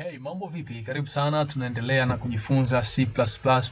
Hey, mambo vipi? Karibu sana, tunaendelea na kujifunza C++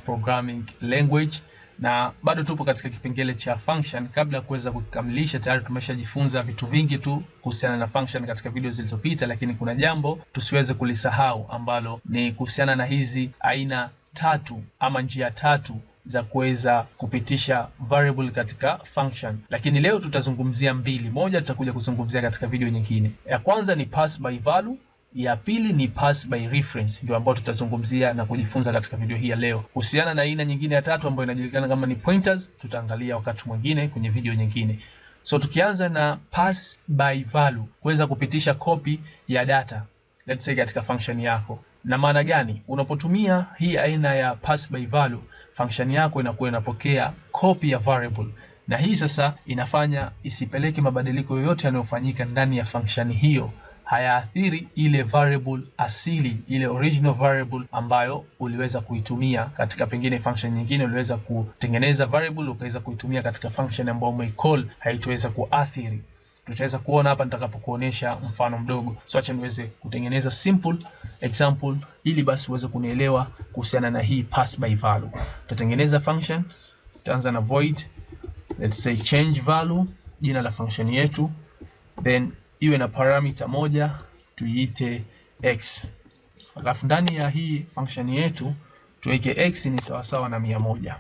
programming language na bado tupo katika kipengele cha function. Kabla ya kuweza kukamilisha, tayari tumeshajifunza vitu vingi tu kuhusiana na function katika video zilizopita, lakini kuna jambo tusiweze kulisahau ambalo ni kuhusiana na hizi aina tatu ama njia tatu za kuweza kupitisha variable katika function, lakini leo tutazungumzia mbili. Moja tutakuja kuzungumzia katika video nyingine. Ya kwanza ni pass by value ya pili ni pass by reference, ndio ambayo tutazungumzia na kujifunza katika video hii ya leo. Kuhusiana na aina nyingine ya tatu ambayo inajulikana kama ni pointers, tutaangalia wakati mwingine kwenye video nyingine. So tukianza na pass by value, kuweza kupitisha copy ya data let's say katika function yako. Na maana gani? Unapotumia hii aina ya pass by value, function yako inakuwa inapokea copy ya variable na hii sasa inafanya isipeleke mabadiliko yoyote yanayofanyika ndani ya function hiyo hayaathiri ile variable asili, ile original variable ambayo uliweza kuitumia katika pengine function nyingine. Uliweza kutengeneza variable ukaweza kuitumia katika function ambayo umeicall, haitoweza kuathiri. Tutaweza kuona hapa nitakapokuonesha mfano mdogo. So acha niweze kutengeneza simple example ili basi uweze kunielewa kuhusiana na hii pass by value. Tutatengeneza function, tutaanza na void let's say change value, jina la function yetu then iwe na paramita moja tuiite x, alafu ndani ya hii function yetu tuweke x ni sawasawa na mia moja.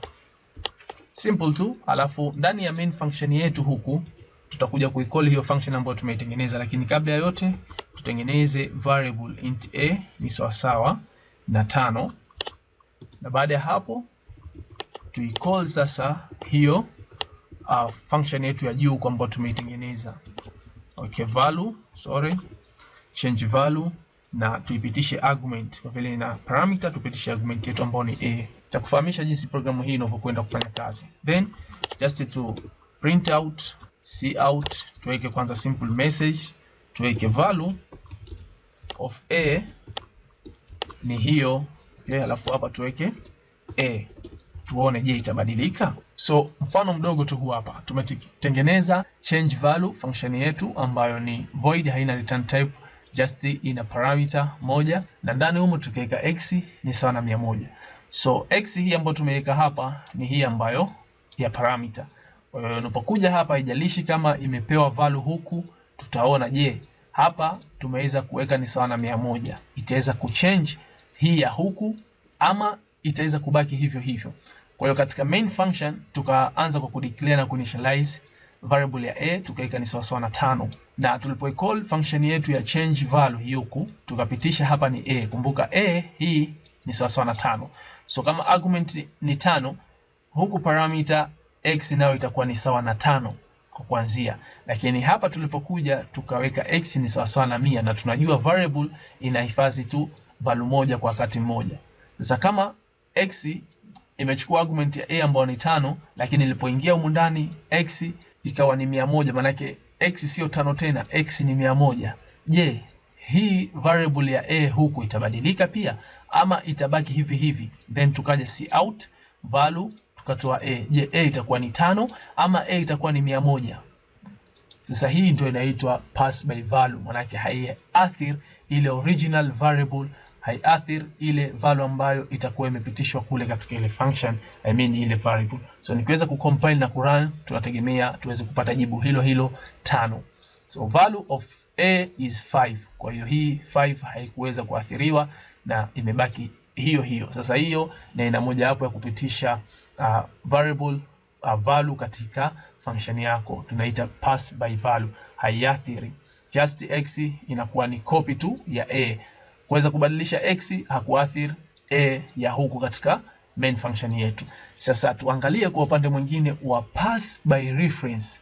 Simple tu. Alafu ndani ya main function yetu huku tutakuja kuicall hiyo function ambayo tumeitengeneza, lakini kabla ya yote tutengeneze variable int a ni sawasawa na tano, na baada ya hapo tuicall sasa hiyo uh, function yetu ya juu kwamba tumeitengeneza okay, value sorry, change value na tuipitishe argument kwa vile ina parameter, tupitishe argument yetu ambayo ni a. takufahamisha jinsi programu hii inavyokwenda kufanya kazi, then just to print out out, tuweke kwanza simple message, tuweke value of a ni hiyo okay, alafu hapa tuweke a tuone, je, itabadilika? So mfano mdogo tu huu hapa, tumetengeneza change value function yetu ambayo ni void, haina return type, just ina parameter moja, na ndani humo tukiweka x ni sawa na 100. So x hii ambayo tumeweka hapa ni hii ambayo ya parameter. Kwa hiyo unapokuja hapa, haijalishi kama imepewa value huku, tutaona je, hapa tumeweza kuweka ni sawa na 100, itaweza kuchange hii ya huku ama itaweza kubaki hivyo hivyo. Kwa hiyo katika main function tukaanza kwa kudeclare na kuinitialize variable ya a tukaweka ni sawasawa na tano, na tulipoicall function yetu ya change value huku tukapitisha hapa ni a. Kumbuka a hii ni sawasawa na tano, so kama argument ni tano huku parameter x nayo itakuwa ni sawa na tano kwa kuanzia, lakini hapa tulipokuja tukaweka x ni sawasawa na mia, na tunajua variable inahifadhi tu value moja kwa wakati mmoja. Sasa kama x imechukua argument ya a ambayo ni tano, lakini ilipoingia humu ndani x ikawa ni mia moja, maanake x sio tano tena, x ni mia moja. Je, hii variable ya a huku itabadilika pia ama itabaki hivi hivi? Then tukaja see out value tukatoa a. Je, a itakuwa ni tano ama a itakuwa ni mia moja? Sasa hii ndio inaitwa pass by value, maana yake haiathiri ile original variable haiathiri ile value ambayo itakuwa imepitishwa kule katika ile function, I mean ile variable. So nikiweza kucompile na kurun, tunategemea tuweze kupata jibu hilo hilo tano. So value of a is 5. Kwa hiyo hii 5 haikuweza kuathiriwa na imebaki hiyo hiyo. Sasa hiyo na ina hapo ya kupitisha uh, variable uh, value katika function yako, tunaita pass by value, haiathiri. Just x inakuwa ni copy tu ya a kuweza kubadilisha x hakuathiri a ya huku katika main function yetu. Sasa tuangalie kwa upande mwingine wa pass by reference.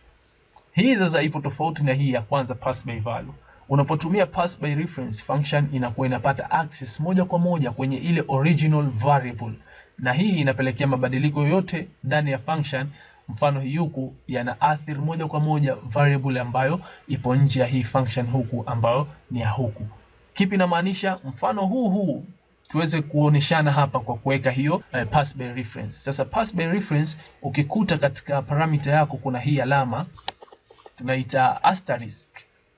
Hii sasa ipo tofauti na hii ya kwanza pass by value. Unapotumia pass by reference function inakuwa inapata access moja kwa moja kwenye ile original variable, na hii inapelekea mabadiliko yote ndani ya function, mfano hii huku, yana yanaathiri moja kwa moja variable ambayo ipo nje ya hii function huku ambayo ni ya huku. Kipi namaanisha? Mfano huu huu tuweze kuoneshana hapa kwa kuweka hiyo eh, pass by reference. Sasa by reference ukikuta katika parameter yako kuna hii alama tunaita asterisk.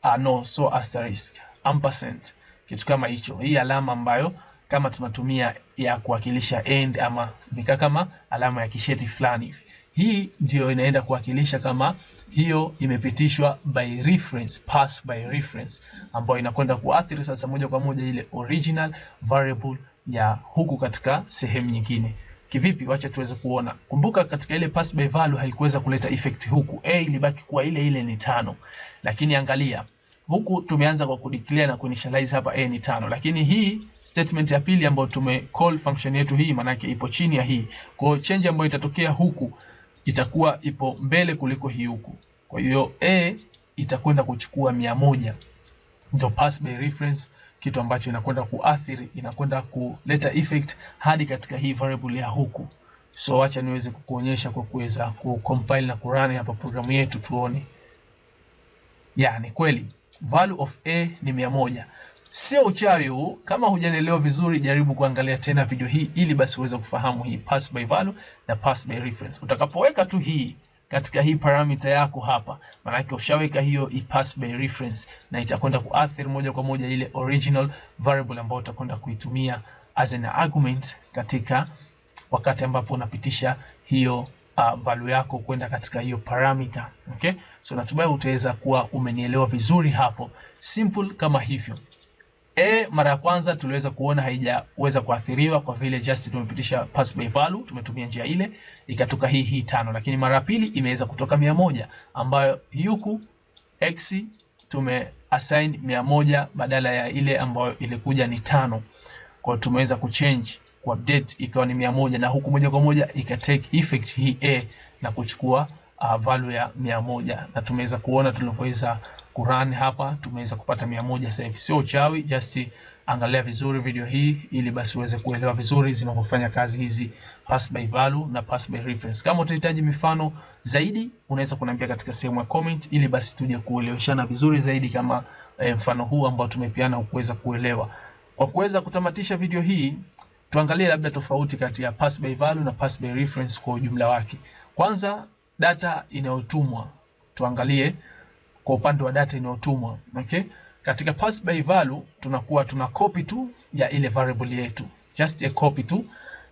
Ah, no, so asterisk. Ampersand. Kitu kama hicho. Hii alama ambayo kama tunatumia ya kuwakilisha end ama nika kama alama ya kisheti fulani hivi. Hii ndiyo inaenda kuwakilisha kama hiyo imepitishwa by reference, pass by reference, ambayo inakwenda kuathiri sasa moja kwa moja ile original variable ya huku katika sehemu nyingine. Kivipi? Wacha tuweze kuona. Kumbuka katika ile pass by value haikuweza kuleta effect huku. A ilibaki kuwa ile ile ni tano. Lakini angalia, huku tumeanza kwa kudeclare na kuinitialize hapa A ni tano. Lakini hii statement ya pili ambayo tume call function yetu hii maana ipo chini ya hii. Kwa hiyo change ambayo itatokea huku itakuwa ipo mbele kuliko hii huku. Kwa hiyo A itakwenda kuchukua mia moja. Ndio pass by reference, kitu ambacho inakwenda kuathiri, inakwenda kuleta effect hadi katika hii variable ya huku. So acha niweze kukuonyesha kwa kuweza kucompile na kurani hapa programu yetu tuone. Yani kweli value of a ni mia moja. Sio uchawi huu. Kama hujanielewa vizuri, jaribu kuangalia tena video hii ili basi uweze kufahamu hii pass by value na pass by reference. Utakapoweka tu hii katika hii parameter yako hapa, maana yake ushaweka hiyo i pass by reference, na itakwenda kuathiri moja kwa moja ile original variable ambayo utakwenda kuitumia as an argument katika wakati ambapo unapitisha hiyo uh, value yako kwenda katika hiyo parameter. Okay, so natumai utaweza kuwa umenielewa vizuri hapo, simple kama hivyo. A e, mara ya kwanza tuliweza kuona haijaweza kuathiriwa kwa vile just tumepitisha pass by value, tumetumia njia ile ikatoka hii hii tano, lakini mara ya pili imeweza kutoka mia moja ambayo huku x tume assign mia moja badala ya ile ambayo ilikuja ni tano. Kwa hiyo tumeweza kuchange ku update ikawa ni mia moja na huku moja kwa moja ika take effect hii a e na kuchukua uh, value ya mia moja na tumeweza kuona tulivyoweza Quran hapa tumeweza kupata 100 sasa hivi. Sio uchawi, just angalia vizuri video hii ili basi uweze kuelewa vizuri zinavyofanya kazi hizi pass by value na pass by reference. Kama utahitaji mifano zaidi, unaweza kuniambia katika sehemu ya comment ili basi tuje kueleweshana vizuri zaidi kama eh, mfano huu ambao tumepeana ukuweza kuelewa. Kwa kuweza kutamatisha video hii, tuangalie labda tofauti kati ya pass by value na pass by reference kwa ujumla wake. Kwanza, data inayotumwa tuangalie kwa upande wa data inayotumwa okay. Katika pass by value tunakuwa tuna copy tu ya ile variable yetu, just a copy tu,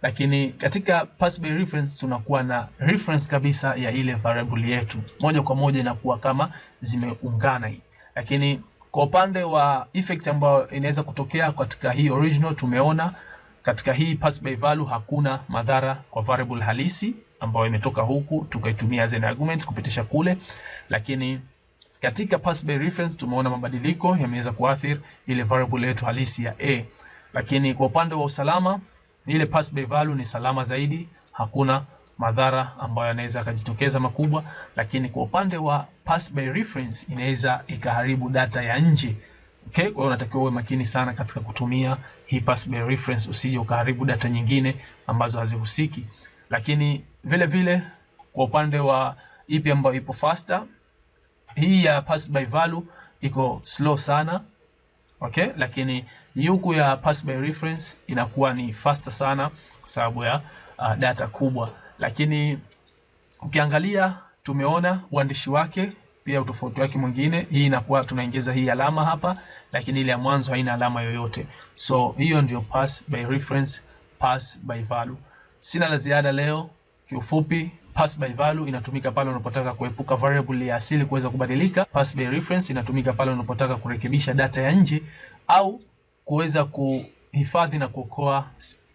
lakini katika pass by reference tunakuwa na reference kabisa ya ile variable yetu moja kwa moja, inakuwa kama zimeungana hii. Lakini kwa upande wa effect ambayo inaweza kutokea katika hii original, tumeona katika hii pass by value hakuna madhara kwa variable halisi ambayo imetoka huku tukaitumia as an argument kupitisha kule, lakini katika pass by reference tumeona mabadiliko yameweza kuathiri ile variable yetu halisi ya a, lakini kwa upande wa usalama ile pass by value ni salama zaidi, hakuna madhara ambayo yanaweza kujitokeza makubwa, lakini kwa upande wa pass by reference inaweza ikaharibu data ya nje. Okay, kwa hiyo unatakiwa uwe makini sana katika kutumia hii pass by reference, usije ukaharibu data nyingine ambazo hazihusiki. Lakini vile vile kwa upande wa ipi ambayo ipo faster hii ya pass by value iko slow sana okay, lakini huku ya pass by reference inakuwa ni faster sana kwa sababu ya uh, data kubwa, lakini ukiangalia tumeona uandishi wake pia utofauti wake mwingine, hii inakuwa tunaingeza hii alama hapa, lakini ile ya mwanzo haina alama yoyote. So hiyo ndio pass by reference, pass by value. Sina la ziada leo, kiufupi Pass by value inatumika pale unapotaka kuepuka variable ya asili kuweza kubadilika. Pass by reference inatumika pale unapotaka kurekebisha data ya nje au kuweza kuhifadhi na kuokoa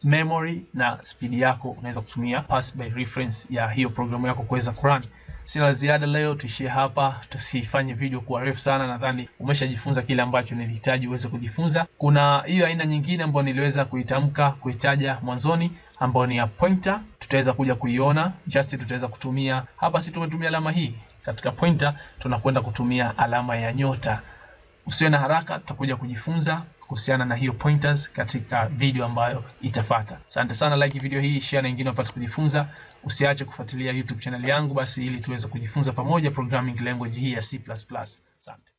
memory na spidi yako. Unaweza kutumia pass by reference ya hiyo programu yako kuweza kurun. Sina ziada leo, tuishie hapa, tusifanye video kuwa refu sana. Nadhani umeshajifunza kile ambacho nilihitaji uweze kujifunza. Kuna hiyo aina nyingine ambayo niliweza kuitamka kuitaja mwanzoni ambayo ni ya pointer, tutaweza kuja kuiona. Just tutaweza kutumia hapa, si tumetumia alama hii katika pointer, tunakwenda kutumia alama ya nyota. Usiwe na haraka, tutakuja kujifunza kuhusiana na hiyo pointers katika video ambayo itafata. Asante sana, like video hii, share na wengine wapate kujifunza. Usiache kufuatilia YouTube channel yangu basi, ili tuweze kujifunza pamoja programming language hii ya C++. Asante.